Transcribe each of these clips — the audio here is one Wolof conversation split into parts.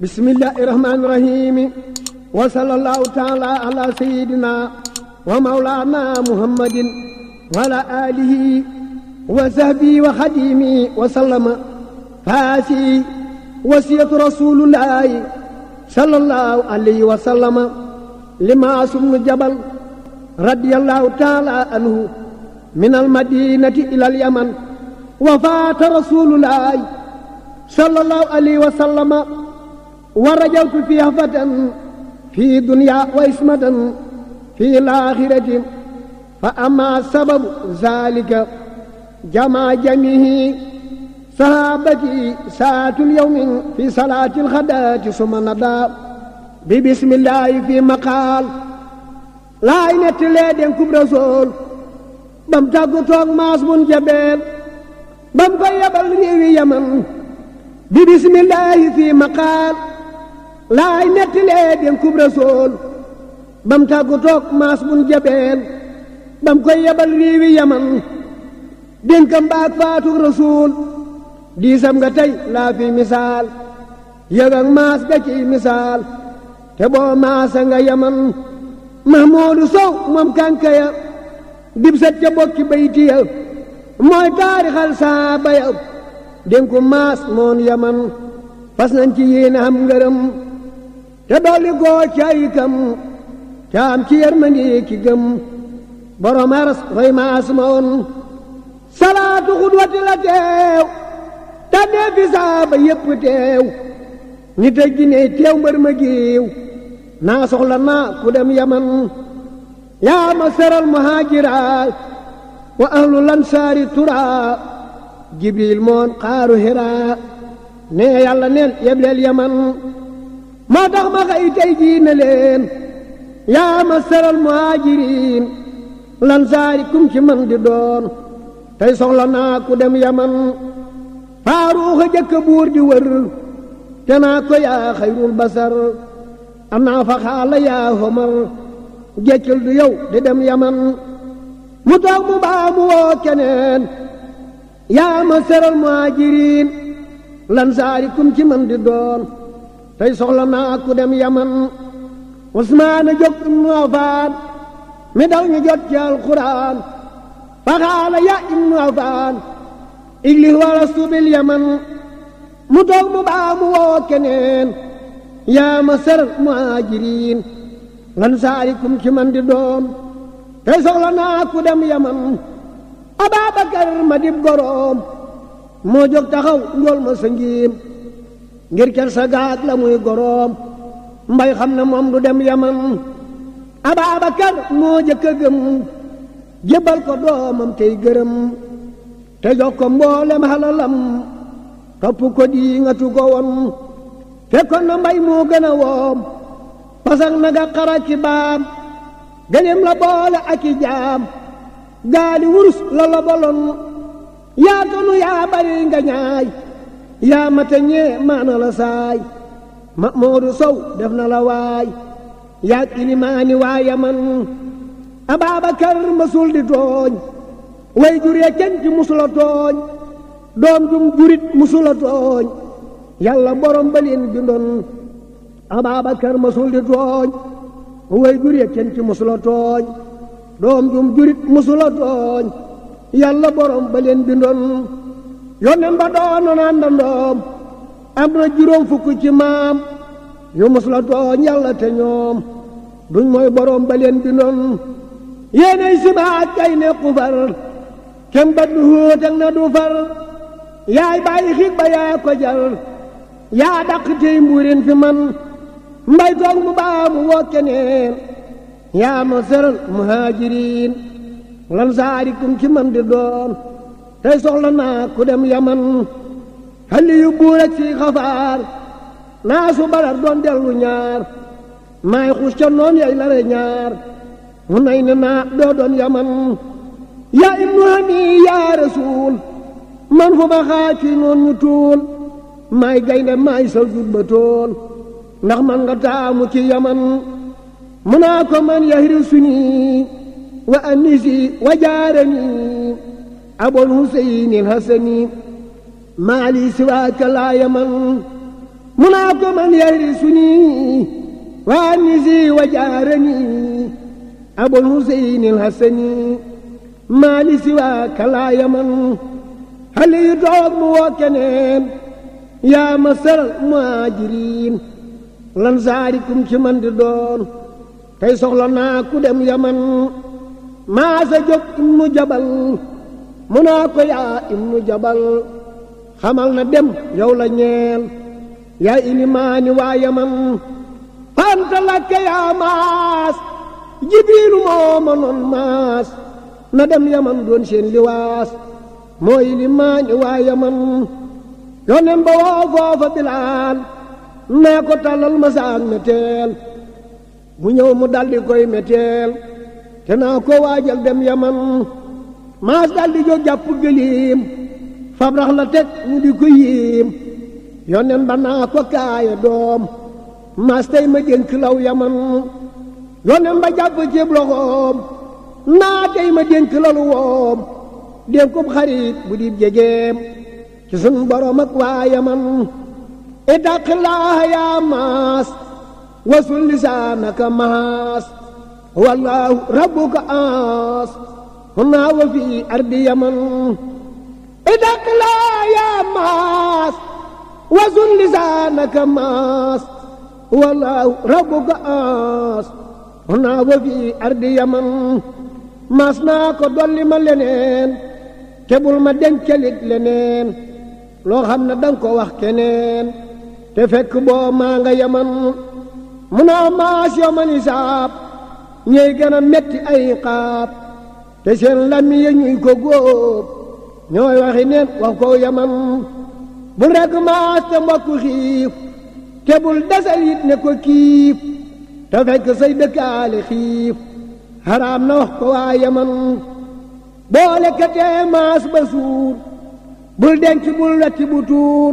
بسم الله الرحمن الرحيم وصلى الله تعالى على سيدنا ومولانا محمد وعلى آله وصحبه وخديمه وسلم فاسي وصية رسول الله صلى الله عليه وسلم لما بن جبل رضي الله تعالى عنه من المدينة إلى اليمن وفات رسول الله صلى الله عليه وسلم wa rajawtu fi hafatan fi dunya wa ismatan fi laaxirati fa ama sababu zalika jamaa jamihi sahabati saatul yawmin fi salaati alxadaati suma nada bi bismillahi fi maqaal laay nettalee dénkub rasool bam tàggu toog maas bun jabeel bam koy yabal réewi yaman bi bismillahi fi maqaal laay nettalee dénkub rasool bam tàggu toog maas bun jabeel bam koy yebal réewi yaman dénkam baak faatug rasool diisam nga tey laa misaal yëg maas ga misaal te boo maasa nga yaman mahmoodu sow moom kànka ya dib ca bokki bayti ya mooy taarixal saa baya dénku maas moon yaman fas ci yéene am ngërëm te dolli goo ay gëm ca ci yërmandi ki gëm borom aras roy ma asma salaatu xudwati teew tànnee fi teew ni tëj gi ne teew mbër ma giiw naa soxla naa dem yaman yaa seral muhaajira wa ahlu lansaari tura jibril moon xaaru hira ne yàlla neen yebleel yaman moo tax ma xëy tey jii ne leen yaa ma muhaajiriin lan saari ci man di doon tey soxla naa dem yaman faaruuxa jëkk buur di wër te naa ko yaa xayrul basar am xaala yaa homar jekkil du yow di dem yaman mu toog mu baa woo keneen yaa ma muhaajiriin lan saari ci man di doon tey soxla naa ku dem yaman usmaana jóg ibnu afaan mi dal ñu jot ci alquran faxaala ya ibnu afaan igli wala subil yaman mu toog mu baa mu woo keneen yaa ma sar muhaajiriin lan saarikum ki man di doon tey soxla naa ku dem yaman ababakar ma dib goroom moo jóg taxaw njool ma sa ngir ker sa gaag la muy goroom mbay xam na moom du dem yaman Ababakar moo jëkk a gëm jébbal ko doomam tey gërëm te jox ko mboolem xalalam topp ko di nga tu ko woon na mbay moo gën a woom pasak naga xara ki la boole ak i jaam gaali wurus la la boloon yaa tonu yaa bari nga ñaay yaa mate ñee maana la saay ma moodu sow def na la waay yaag ilimaani waaya man ababakar masul di tooñ way jur ya ci musula tooñ doom jum jurit musula tooñ yàlla borom ba bindoon ababakar masul di tooñ way jur ya ci musula tooñ doom jum jurit musula tooñ yàlla borom ba bindoon yónneen ba doonoon àndandoom am na juróom fukk ci maam yu la tooñ yàlla te ñoom duñ mooy boroom ba leen bi noon yéenay sibaat kay nekku far kem ba du hóotag na du far yaay bàyyi xiig ba yaa ko jar yaa dàq tey fi man mbay toog mu baa mu woo keneen yaa ma seral muhaajiriin lan saarikum ci man di doon tey soxla naa ku dem yaman xalli yu buur ak si xafaar naa su barar doon dellu ñaar maay xus ca yay lare ñaar mu nay ne doo doon yaman yaa ibnu hami yaa rasuul man fu ma xaaj fi noon ñu tuul maay gaynde maay saw ba tool ndax man nga taamu ci yaman mu naa ko man yahri suni wa anisi wa jaarani أبو الحسين الحسني ما لي سواك لا يمن مناك من يرثني وأنسي وجارني أبو الحسين الحسني ما لي سواك لا يمن هل يدعوك وكنين يا مصر المهاجرين lan saarikum ci man di doon tey soxla naa ku dem yaman maa sa jóg mu jabal mu naa ko yaa ibnu jabal xamal na dem yow la ñeel yaa ilimaani waa yaman fanta lakke yaa maas jibiilu moo ma maas na dem yaman doon seen liwaas moo ilimaani waa yaman yonen ba woo foofa bilaal naa ko tàllal masaan meteel mu ñëw mu daldi koy meteel te naa ko waajal dem yaman maas daal di jàpp gëléem fab la teg mu di ko yéem ba naa ko kaaya doom maas tey ma dénk law yaman yonen ba jàpp ceeb loxoom naa tey ma dénk lalu woom dénkub xarit bu di jegeem ci sun borom waa yaman itaqillaaha e yaa maas wasul lisaanaka maas wallaahu rabbuka aas هنا وفي أرض يمن إذاك لا يا ماس وزن لسانك ماس والله ربك آس هنا وفي أرض يمن maas naa ko dolli ma leneen tebul ma dencalit leneen loo xam ne danga ko wax keneen te fekk boo maa yaman mu maas yo man isaab ñey metti ay xaab te seen lam ya ñuy ko góob ñooy waxi neen wax ko yaman bul rek maas te mbokku xiif te bul desal ne ko kiif te fekk say dëkkaale xiif xaraam na wax ko waa yaman boo lekkatee maas ba bul denc bul wetti bu tuur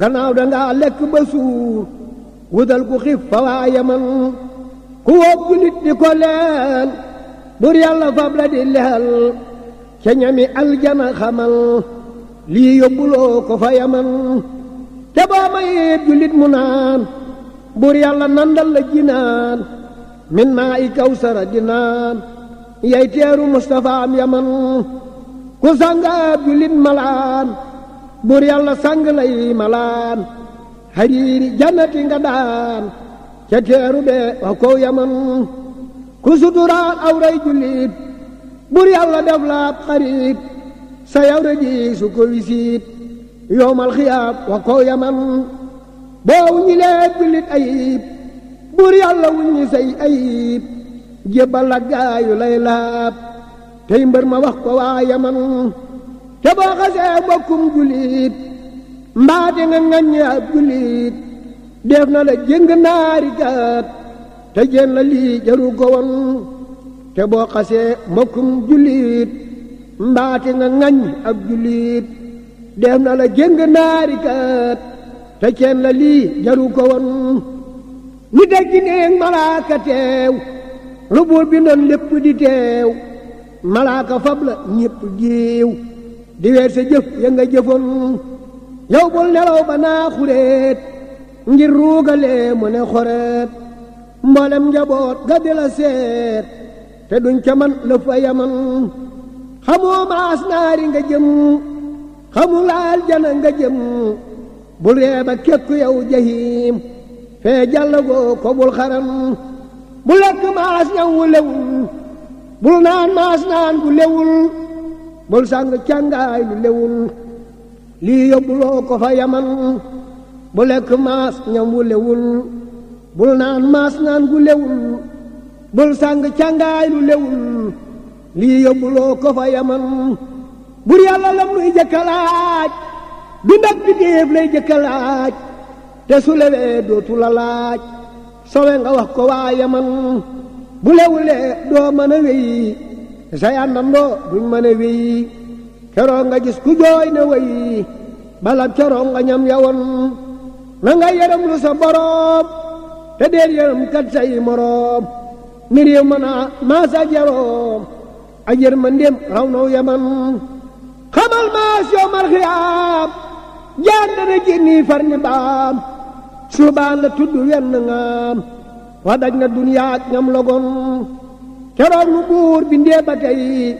gannaaw dangaa lekk ba wutal ku xiif fa waa yaman ku wóob julit di ko leen bur yàlla fab la di lexal ca ñami aljana xamal lii yóbbuloo ko fa yaman te boo jullit mu naan bur yàlla nandal la jinaan min maa i kawsara di naan yay teeru Mustafa yaman ku sangaab jullit malaan bur yàlla sang malaan hariiri jannati nga daan ca teeru de wa kow yaman ku suturaal awray jullit bur yàlla def laab xarit sa yawra ji ko wisiit yowmal xiyaab wa ko yaman boo wuññi jullit ayib bur yàlla wuññi say ayib jébbal la gaayu lay laab tey mbër ma wax ko waa yaman te boo xasee mbokkum jullit mbaate nga ngaññi ab jullit def na la jëng naari gaat te jéem la lii jaru ko woon te boo xasee mbokkum jullit mbaate nga ŋañ ab jullit dem na la jéng naarikat te ceen la lii jaru ko woon ni dégg neeg malaaka teew lu buur lépp di teew malaaka fab la ñépp giiw di sa jëf ya nga jëfoon yow bul nelaw ba naa xureet ngir ruugalee mu ne xoreet mboolem njaboot ga di la seet te duñ ca man la fa yaman xamoo maas naari nga jëm xamul aljana nga jëm bul reeba kekku yow jahim fee jàllagoo ko bul xaram bu lekk maas ñaw lewul bul naan maas naan gu lewul bul sàng càngaay lu lewul lii yóbbuloo ko fa yaman bu lekk maas ñaw lewul bul naan maas naan gu lewul bul sàng càngaay lu lewul lii yóbbuloo ko fa yaman bur yàlla lam nuy jëkkalaaj bi ndag bi déef lay jëkkalaaj te su lewee dootu la laaj sowe nga wax ko waa yaman bu lewulee doo mën a wéy sa yàndandoo duñ mën a wéy keroo nga gis ku na wéy balab keroo nga ñam yawoon na nga yërëm lu sa boroom te deel yërëm kat say moroom mi réew mën a maas ak yaroom ak yërmandeem raw naw xamal maas yow mar xiyaam jaar dana jénni far ni baam suubaan la tudd wenn ngaam wa daj na duniyaa ak logon keroog nu buur bi ba tey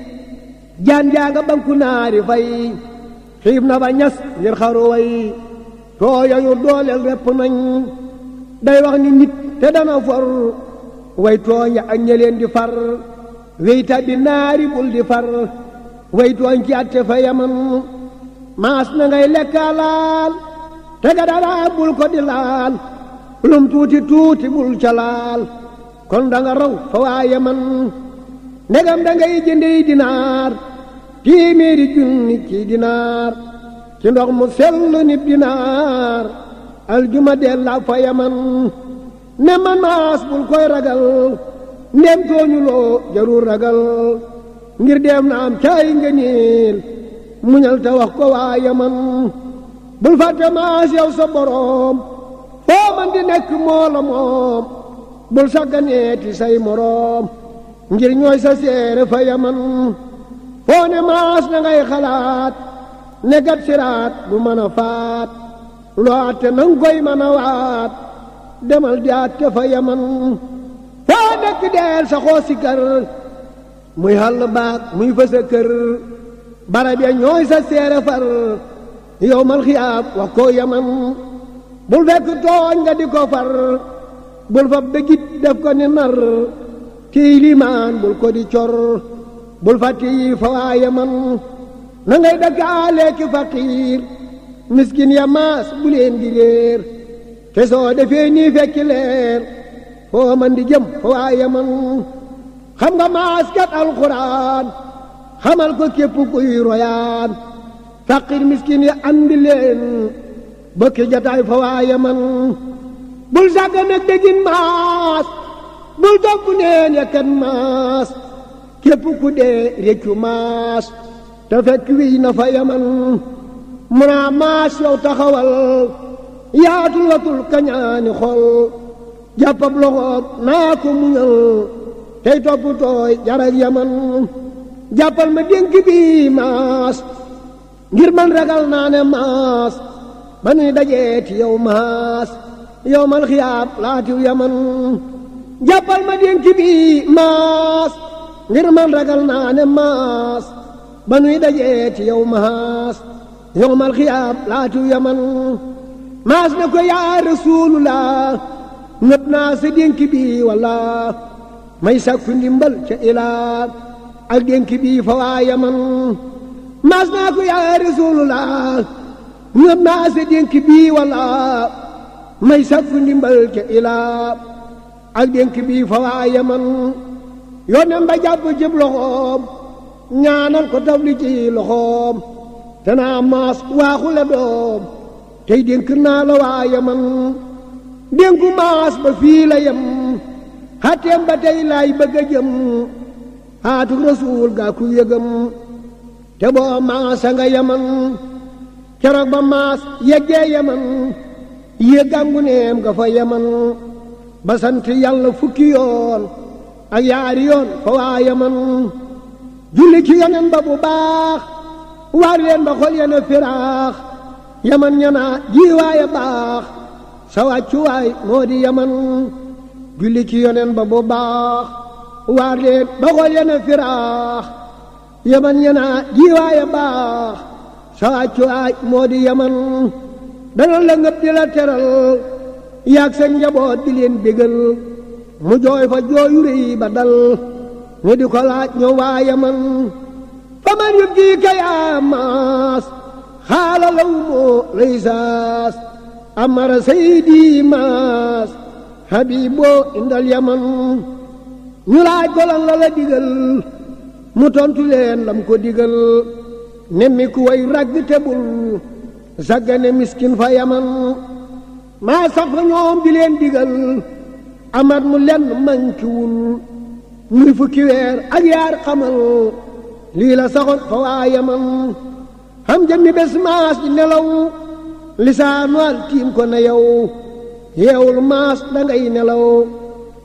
jaan jaaga banku naari fay xiib na ba ñas ngir xaru way tooyayu dooleel repp nañ day wax ni nit te dana for way tooña ak ña leen di far wey tabbi naari ci atte fa yaman maas na ngay laal te gadalaa bul ko di laal lum tuuti tuuti bul ca laal kon da raw fa waa yaman ndegam da ngay jëndey dinaar téeméeri junni ci dinaar ci ndox mu sell nib dinaar aljuma dellaa fa yaman ne man maas bul koy ragal ndem tooñuloo jarul ragal ngir dem na am caay nga muñal te wax ko waa yaman bul fàtte maas yow sa boroom foo man di nekk moo la moom bul sàgganeeti say moroom ngir ñooy sa seere fa yaman foo ne maas na ngay xalaat ne gat siraat bu mën a faat loote nang goy mën a waat demal jaat te fa yaman foo dëkk deel sa xoo kër muy xàll baat muy fa sa kër barab ya ñooy sa seere far yow mal xiyaab wax yaman bul fekk tooñ nga di ko far bul fab dëggit def ko ni nar kii limaan bul ko di cor bul fàtti fa waa yaman na ngay dëkkaale ki faqiir miskin ya maas bu leen di te soo defee nii fekki foo man di jëm foo waaye man xam nga maas kat alxuraan xamal ko képp kuy royaan faqir miskin ya andi leen bokki jataay foo waaye man bul sàgga nag maas bul topp neen ya kat maas képp ku dee réccu maas te fekk wiy na fa yaman mu naa maas yow taxawal yaatul watul kañaani xol jàppab loxoob naa ko muñal tey topp tooy jarak yaman jàppal ma dénk bi maas ngir man ragal naa ne maas ba nuy dajeeti yow maas yow mal xiyaab laatiw yaman jàppal ma dénk maas ngir man ragal naa maas ba nuy dajeeti yow maas yowmal xiyaam laatiw yaman maas ko yaa rasuulullah nëb naa sa dénk bi walla may sakku ndimbal ca ilaa ak dénk bi fa waa yaman maas ko yaa rasuulullah nëb naa sa dénk bi walla may sakku ndimbal ca ilaa ak dénk bi fa yaman yónneen ba jàpp loxoom ñaanal ko tawli loxoom am maas waaxule doom tey dénk naa la waaye man dénku maas ba fii la yem xatteem ba tey laay bëgg a jëm xaatuk rasuul gaa ku te boo maasa nga yaman keroog ba maas yeggee yaman yëggangu neem nga fa yaman ba yàlla fukki yoon ak yaari yoon fa waa yaman julli ci yonen ba bu baax waar leen ba xol yene firaax yaman ñana jiiwaaya baax sa wàccuwaay moo di yaman julli ci yonen ba bu baax waar leen ba xol yene firaax yaman ñana jiiwaaya baax sa wàccuwaay moo di yaman dana la ngëb di la teral yaag sa di leen bégal mu jooy fa jooyu réy ba dal ñu di ko ñoo waa yaman ومن يبديك يا ماس خال لوم ليساس أمر سيدي ماس حبيبو عند اليمن ñulaaj ko lan la la digal mu tontu leen lam ko digal nemmi ku way ragg tebul saggane miskin fa yaman maa fa ñoom di leen digal amat mu lenn mankiwul muy fukki weer ak yaar xamal lii la saxoon fa waa yaman xam jëmmi bés maas di nelaw lisaanu al tiim ko na yow yeewul maas dangay nelaw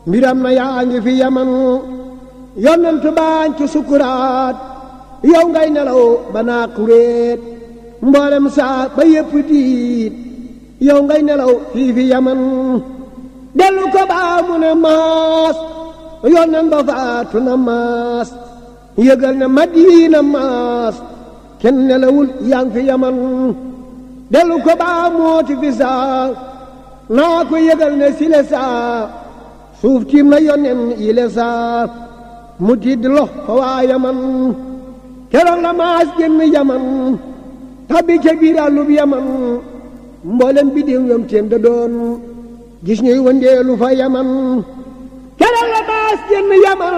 mbiram na yaa ngi fi yaman yonent baañ ci sukuraat yow ngay nelaw ba naa kuréet mboolem saa ba yépp diit yow ngay nelaw fii fi yaman dellu ko baa mu ne maas yonent ba faatu na maas yëgal na Madina maas kenn nelawul yaa ngi fi yaman dellu ko baa mooti fi naa ko yëgal ne sile saa suuf tiim na yonen yile saa mu tiid lox fa waa yaman keroog la maas génn yaman tabbi ca biir àllub yaman mboolem bi déew yom teen doon gis ñuy wëndeelu fa yaman keroog la maas génn yaman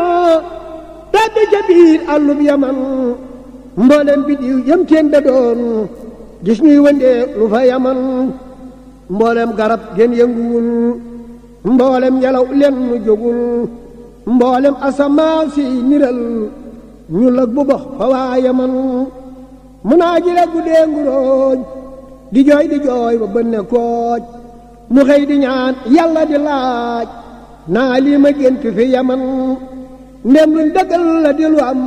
tàbbi ca biir àllum yaman mboolem bidiw yëm teen da doon gis ñuy wëndee fa yaman mboolem garab gen yënguwul mboolem ngelaw len nu jógul mboolem asamaan si niral ñu lag bu fa waa yaman mu naa ji la guddee nguróoj di jooy di jooy ba bënne kooj mu xëy di ñaan yàlla di laaj naa lii ma gént fi yaman ndem luñ dëggal la delu am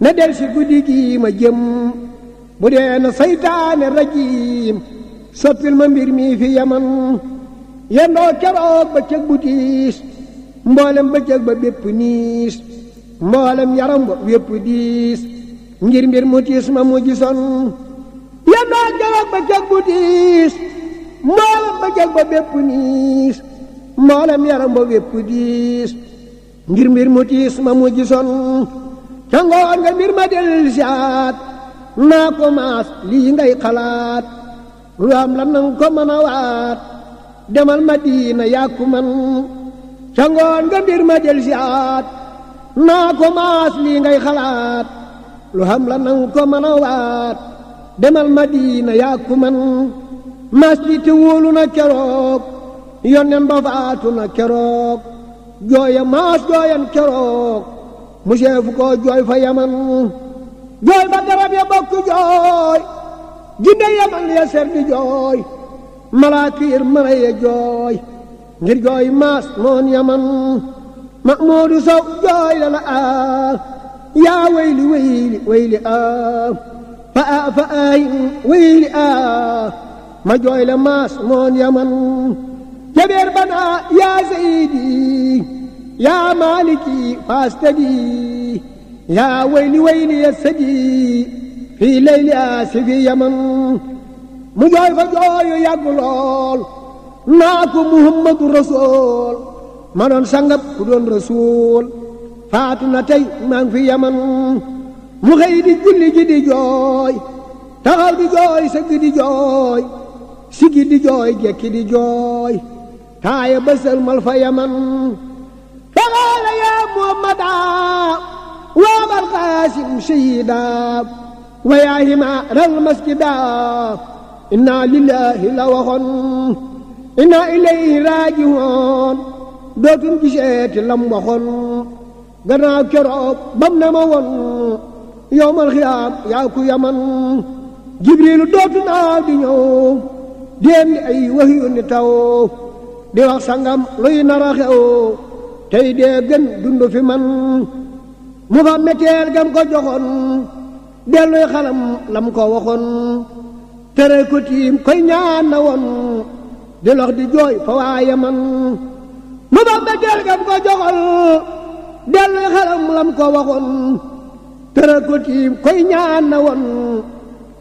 na del si guddi gi ma saytaane rajiim soppil ma mbir mi fi yaman yendoo keroog bëccëg bu tiis mboolem bëccëg ba bépp niis mboolem yaram ba wépp diis ngir mbir mu ma mu gisoon yendoo keroog bëccëg bu tiis mboolem bëccëg ba bépp niis mboolem yaram ba wépp diis ngir mbir mu tiis ma mujj son ca nga mbir ma del siaat naa ko maas lii ngay xalaat lu am la nang ko mën a waat demal Madina yàkku man ca nga mbir ma del siaat naa ko maas lii ngay xalaat lu am la nang ko mën a waat demal Madina yàkku man maas li te na keroog yonnen ba faatu na keroog jooya maas jooyan keroog mu seefu koo jooy fa yaman jooy ba garab ya bokk jooy jinde yaman ya ser di jooy malaakiir mara ya jooy ngir jooy maas moon yaman Mahmuudu Sow jooy la la aar yaa wayli wayli wayli aar fa a fa ayin wayli aar ma jooy la maas moon yaman جبير بنا يا سيدي يا مالكي فاستجي يا ويلي ويلي يا سجي في ليل آسف يمن مجاي فجاي يا قلال ناكو محمد رسول ما دون سانغب كدون رسول فاتنا تي مان في يمن مغي دي جولي جي دي جوي تغال دي جوي سجي دي جوي سجي دي جوي جكي دي جوي taaya ba sëlmal fa yaman fagaala yaa muhammada waabal qaasim sayida wa yaa himaaral masjida inna lillaahi la waxoon inna ilayhi raajiwoon dootum giseeti lam waxoon gannaaw keroog bam ne ma woon yowmal xiyaam yaa ku yaman jibriilu dootu naaw di ñëw déem ay waxyu ni taw di wax sangam luy nara xew tey dee gën dund fi man mu fa meteel gam ko joxoon delluy xalam lam ko waxoon tere ko koy ñaan na woon di lox di jooy fa waaye man mu fa meteel gam ko joxoon delluy xalam lam ko waxoon tere ko koy ñaan na woon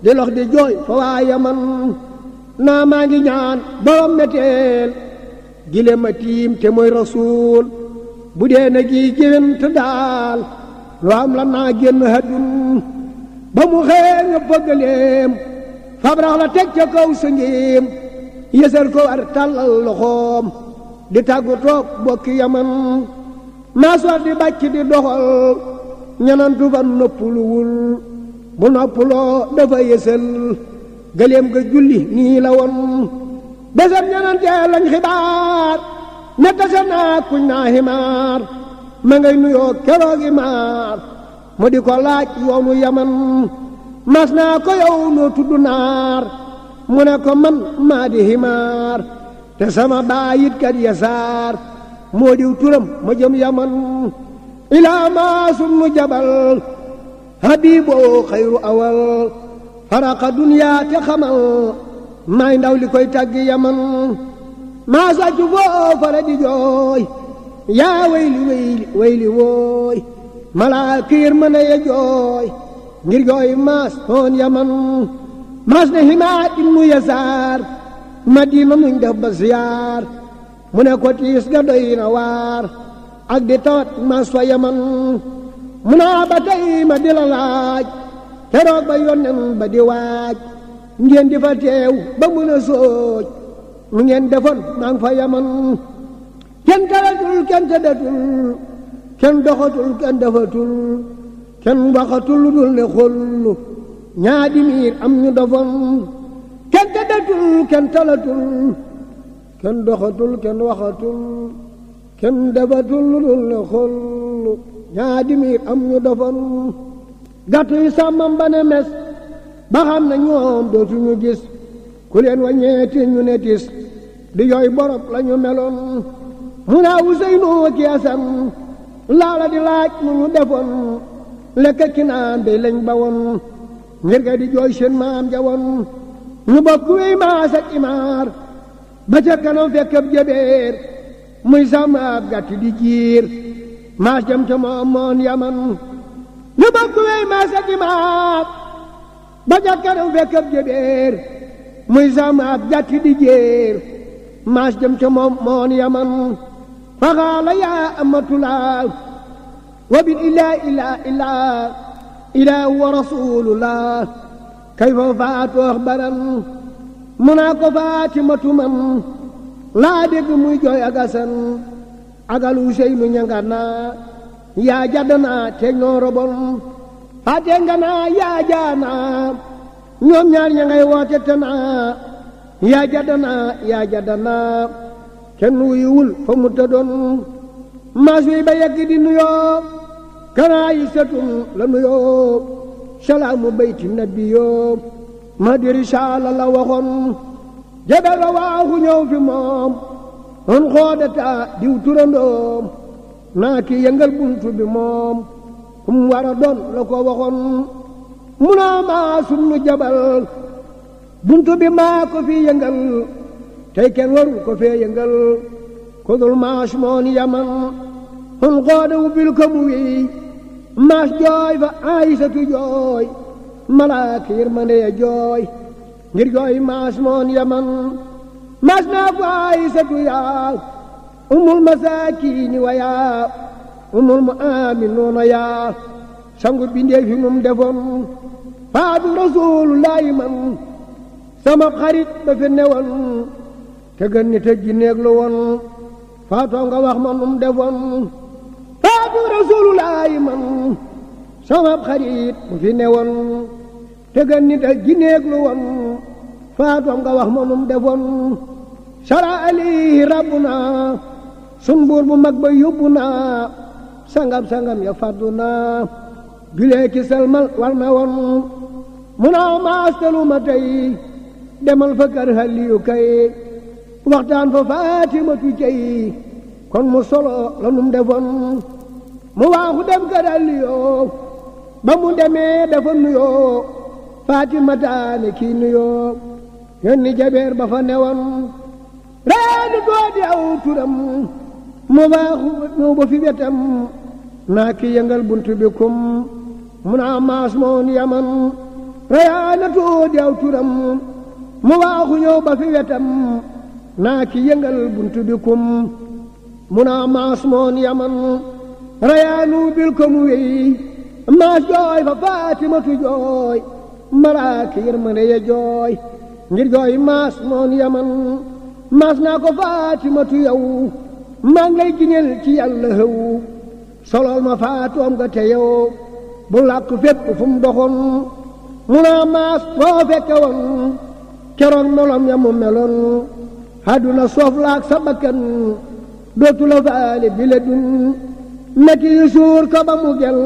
di lox di jooy fa waaye man naa maa ngi ñaan borom meteel gile a tiim te mooy rasuul bu dee na gi géwént daal lu am la naa génn haddun ba mu xëyee nga bëggaleem fabrax teg ca kaw sëngeem yësal ko war tàllal loxoom di tàggu toog bokki yaman naa soot di bàcc di doxal ñanantu fa noppuluwul bu noppuloo dafa yësal gëleem ga julli nii la woon bésab yonante lañ xibaar ne tase naa kuñ naa ximaar ma nuyoo keroogi maar mu di ko laaj yoonu yaman mas ko yow noo tudd naar mu ne ko man maa di ximaar te sama baayit kat yasaar moo diw turam ma jëm yaman ilaa maa sunnu jabal habiiboo xayru awal faraqa dunyaa te xamal maay ndaw li koy tàgg yaman maa sàcc foofara di jooy yaa wayli wayli wayli wooy malaaka yërmande ya jooy ngir jooy maas hoon yaman maas ne himaat ibnu yasaar madina nuñ def ba siyaar mu ne ko tiis ga doy na waar ak di tawat maas fa yaman mu naa ba tey ma di la laaj keroog ba yonnen ba di waaj ngeen di fa teew ba mën a sooj lu ngeen defoon maa ngi fa yaman kenn talatul kenn tëddatul kenn doxatul kenn defatul kenn waxatul lu dul ne xollu ñaadi miir am ñu defoon kenn tëddatul kenn talatul kenn doxatul kenn waxatul kenn defatul lu dul ne xollu ñaadi miir am ñu defoon gàtt sàmmam ba ne mes ba xam na ñoom dootuñu gis ku leen wàññeeti ñu ne tis di yooy borop la ñu meloon mu naa Useynu ki Asan laala di laaj mu ñu defoon lekk ki naan day lañ ba woon ngir ga di jooy seen maam ja woon ñu bokk wéy maas ak imaar ba ca kanam fekk ab muy sàmm ab gàtt di jiir maas jëm ca moon yaman ñu bokk wéy maas ak imaar ba ca kanam fekk ab jëbeer muy samaab jàtti di jéer maas jëm ca moon yaman fa xaala yaa amatulaa wa bil ilaa ilaa wa rasuulullah kay fa faatu axbaran mu naa ko faatimatu laa dégg muy jooy agasan agal Useynu ñanga naa yaa jadd naa te robon ate nga naa yaa ñoom ñaar ña ngay woote te naa yaa jaddanaa yaa jaddanaa kenn wuyuwul fa mu tëddoon maas wi ba yegg di nuyoo kanaa yi la nuyoo salaamu bayti nabiyoo ma di risaala la waxoon jabel wa waaxu ñëw fi moom on xoodata diw turandoom naa ki yëngal buntu bi moom kum war a doon la ko waxoon munaa maa sumnu jabal buntu bi maa ko fi yëngal tey kenn waru ko fee yëngal kudul maas moon yaman hun xoode wu bil ko mu wiy maas jooy fa aysatu jooy malaak yërmande ya jooy ngir jooy maas moon yaman maas naa fa aysatu yaa umul masaakiini wa yaa umul mu aaminuuna yaa sangu bindee fi num defoon faadu rasuulullaahi man sama xarit ba fi newoon te gën ni te jinneeg nga wax ma num defoon faadu rasuulullaahi man sama xarit ba fi newoon te gën ni te jinneeg nga wax ma num defoon sara alayhi rabbuna sun buur bu mag ba yóbbu naa sangam sangam ya faddu naa julee ki war na won mu naaw maastaluma tey demal fa kër xaliyu kay waxtaan fa faatimatu cey kon mu solo la num defoon mu waaxu dem kër xaliyoo ba mu demee dafa nuyoo faatimataane kii nuyoo yónni jabeer ba fa newoon reeni goo di turam mu baaxu ñëw ba fi wetam naa ki yëngal bunt bi kum mu naa maas moon yaman rayaana too di aw turam ba fi wetam naa ki yëngal bunt bi kum mu naa maas moon yaman rayaanu bil ko mu wéy maas jooy fa faatimatu jooy maraaki yërmande ya jooy ngir jooy maas moon yaman maas naa ko faatimatu yow maa ngi lay giñal ci yàlla xëw solol ma faatoom nga te yow bu làkk fépp fu doxoon mu naa maas foo fekke woon keroog molom ya mu meloon àdduna soof laak sa bakkan dootu la faale bi la dun metti yu suur ko ba mu gel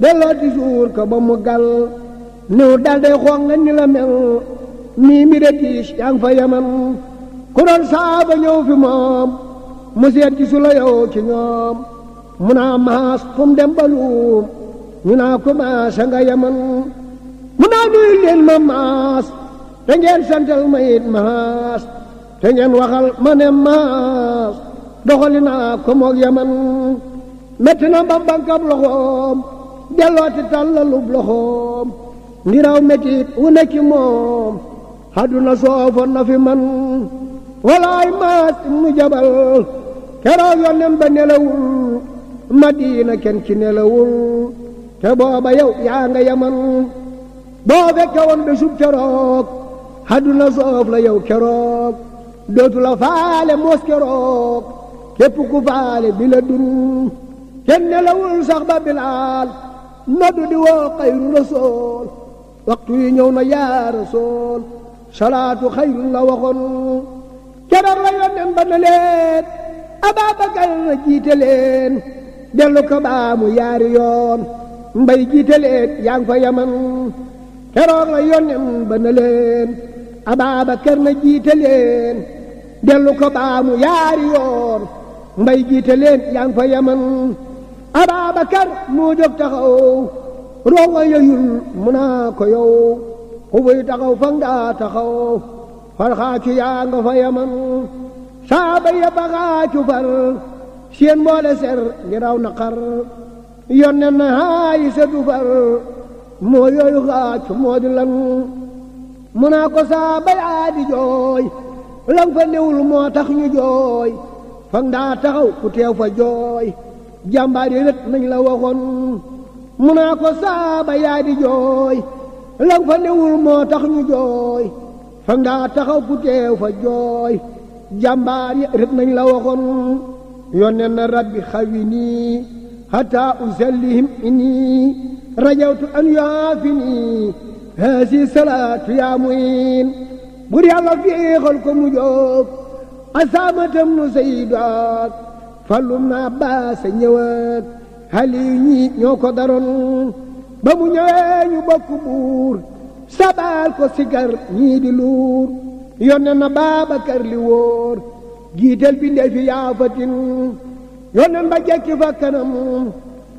delloo ti suur ko ba mu gal niw dalde xoog ni la mel nii mi de tiis fa yemam ku doon saaba ñëw fi moom mu seet ci ci ñoom mu naa maas fu mu dem baluum ñu naa ko maasa nga yaman mu naa nuyu leen ma maas te ngeen santal ma it maas te ngeen waxal ma ne maas doxali naa ko yaman metti na bambankab loxoom dellooti tàllalub loxoom ndiraw mettit wu nekk ci moom àdduna soofoon na fi man walaay maas mu jabal keroog yónneen ba nelawul Madina kenn ki nelawul te booba yow yaa nga yaman boo fekke woon bésub keroog àdduna soof la yow keroog dootu la faale moos keroog képp ku faale bi la kenn nelawul sax ba bilaal noddu di woo xayru rasool waxtu yi ñëw na yaa rasool salaatu xayru la waxoon keroog la yónneen ba ne Ababacar jiite leen dellu ko baamu yaari yoon mbay jiite leen yaa fa yaman keroog la yónnem ba na leen Ababacar na jiite leen dellu ko baamu yaari yoon mbay jiite leen yaa fa yaman Ababacar moo jóg taxaw ronga yeyul mu naa ko yow xubuy taxaw fa nga taxaw farxaa ci fa yaman saaba ya baxaa cufar seen mboole ser ngi raw naqar yonne na haayi sa far moo yooyu xaacu moo di lan mu naa ko saaba yaa di jooy lan fa newul moo tax ñu jooy fag ndaa taxaw ku teew fa jooy jàmbaar yi rët nañ la waxoon mu naa ko saaba yaa di jooy lan fa newul moo tax ñu jooy fag ndaa taxaw ku teew fa jooy jàmbaar ya rek nañ la waxoon yónneen na rabbi xawi nii xataa usallihim inni rajawtu an yaafi nii haasi salaatu yaa muyin bur yàlla fiixal ko mu asaamatam nu sayyidaat fallum naa baasa ñëwaat xali ñi ñoo ko daroon ba mu ñëwee ñu bokk buur ko sigar ñii di luur yónne na Baabakar li wóor jiital bindee fi yaafatin yónneen ba jekki fa kanam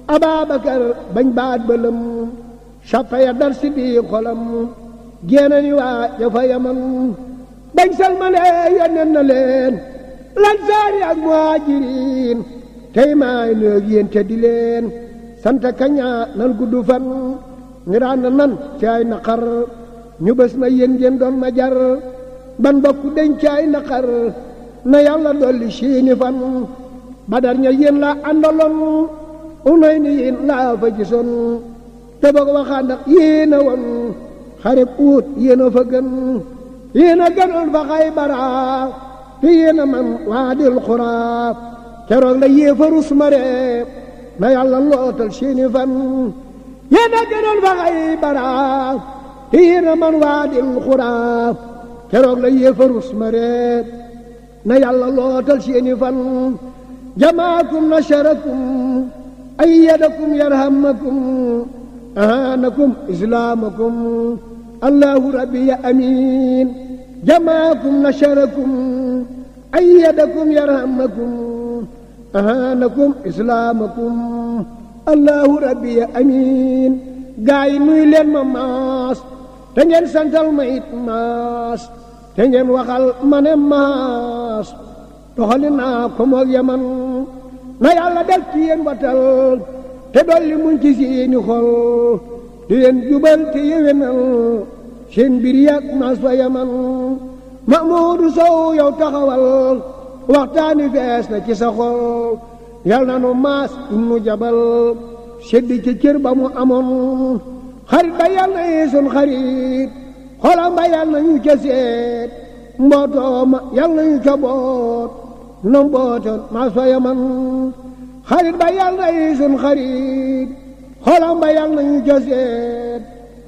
Ababakar bañ baat bëlëm sappa ya dar bii xolam génne ni waa jafa yaman bañ salmalee yónneen na leen lan saari ak muhaajiriin tey maay nëeg yéen di leen sant kañaa nan gudd fan ngiraan na nan ci ay naqar ñu bés ma yéen ngeen doon ma jar ban bokk dencaay naqar na yàlla dolli siini fan badar ña yéen la àndaloon unay ni yéen laa fa gisoon te boog waxaa ndax yéen a uut yéen fa gën yéen a fa Xaybar te yéen man waadil xuraa keroog la yéefarus mare na yàlla lootal siini fan yéen a fa Xaybar te yéen man waadil xuraa keroog la yéefarus ma reet na yàlla lootal seeni fan jamaakum nasarakum ayyadakum yarhamakum ahanakum islaamakum allahu rabbi ya amiin jamaakum nasarakum ayyadakum yarhamakum ahanakum islaamakum allahu rabbi ya amiin gaa nuy leen ma maas te ngeen santal ma it maas te ngeen waxal ma maas doxali naa ko yaman na yàlla def ci yéen watal te dolli muñ ci seeni xol di leen jubal te yéwénal seen mbir yàgg maas fa yaman Mahmoudou Sow yow taxawal waxtaani fees na ci sa xol yal na nu maas ibnu jabal sedd ci cër ba mu amoon xarit ba yal na sun xarit xolam ba yàlla nañu ca seet mbootoo ma yàlla nañu ca boot na mbootoon maa sooya man xarit ba yàlla yi sun xarit xolam ba yàlla nañu ca seet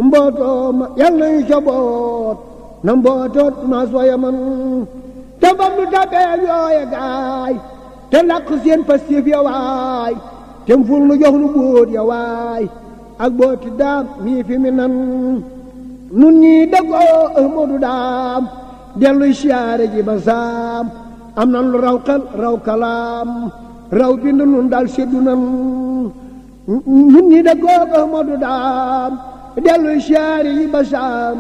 mbootoo ma yàlla nañu boot na mbootoon maa sooya man te bam lu tabeel yooye gaay te làq seen pastif ya waay te ful nu jox nu bóot ya waay ak booti daam mii fi nan nun ñii déggoo Ahmadu daam delluy siyaare ji ba saam am nan lu raw xel raw kalaam raw bind nun daal seddu nan nun ñii déggoo Ahmadu daam delluy siyaare ji ba saam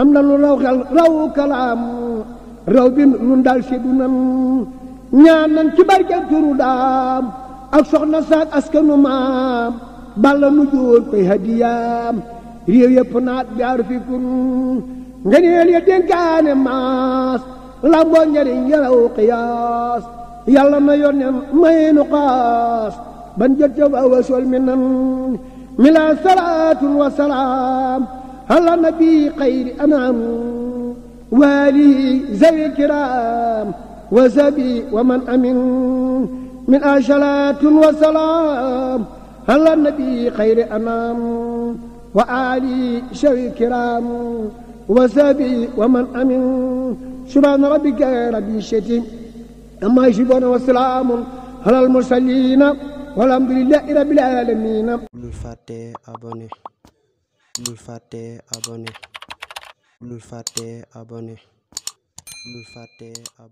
am nan lu raw xel raw kalaam raw bind nun daal seddu nan ñaan nan ci barke turu daam ak soxna saak askanu maam balla nu jóor koy hadiyaam réew yëpp naat biyaaru fi kun ngeneel ya dénkaane la boo njariñ yaraw xiyaas yàlla na may nu xaas ban ca waawa sol mi nan mi wa salaam ala nabi xayri anaam waalihi zawi kiraam wa wa man amin min a wa salaam ala nabi xayri anaam wa ali shawi kiram wa sabi wa man amin subhana rabbika rabbil izzati amma yasifun wa salaamun alal mursaliin walhamdulillahi rabbil alamin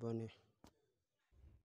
bul